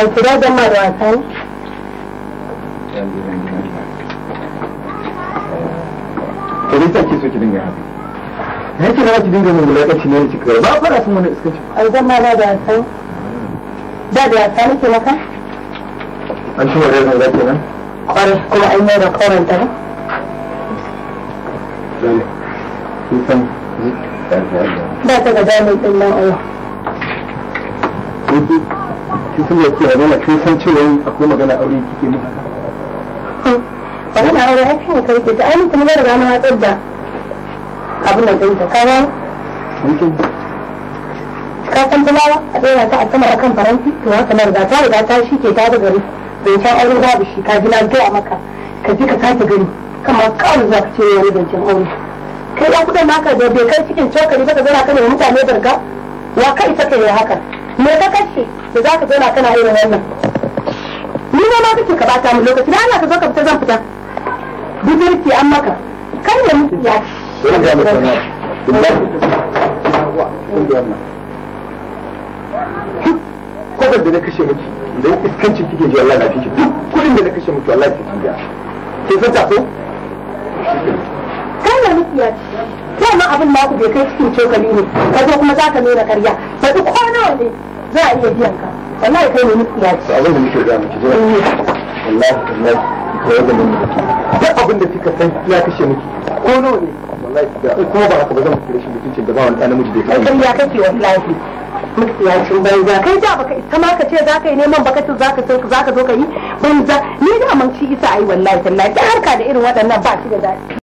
الفراغ ده مرة ثانية Kalisa ce na ki dinga mun wulaƙaci ne ki kawai. Ba fara sun wani iskanci. Ai zan ma da da san. Da da san nake maka? An shi wadai zan zaki nan? Kware kuma an yi da koren ta ba? Dole. san da ta ga jami'in nan Allah. shi sun yake ya nuna kin san cewa akwai magana aure kike ne magana aure ai kan kai ke da ai kuma zan riga na watsar da abin da kai ta kawo ka san fulawa a tsaya ta a sama akan faranti to haka nan da ta riga ta shi ke ta da gari bai san aure babu shi ka ji na gaya maka ka ji ka sake gari kamar kawai za ka ce yau zancen aure kai ya kudin maka da bai kai cikin cokali ba ka zana kana mutane barga wa kai saka ya haka me ka kace da za ka zauna kana irin wannan ni ma ma kake ka bata mu lokaci na Allah ka zo ka fita zan fita bijirki an maka kai da miki ya kwabar da na kashe miki da ya iskanci kike ji Allah na fi duk kudin da na kashe miki Allah ki ga. Sai ta magana miki ya ce ma abin ma ku bai kai cikin cokali ne ka zo kuma za ka nuna karya ba duk ko nawa ne za a iya biyan ka wallahi kai ne miki ce abin da muke ga miki jira eh. wallahi wallahi ko yadda mun duk abin da kika san ya kashe miki ko nawa ne wallahi da kuma ba haka ba zan miki rashin mutuncin da ba wani ɗan namiji da ya kai ya kake wallahi mutiyacin banza kai da baka ita ma ka ce za ka yi neman baka ce za ka zo ka yi banza ni da man shi isa ayi wallahi tallahi harka da irin waɗannan ba shi da daɗi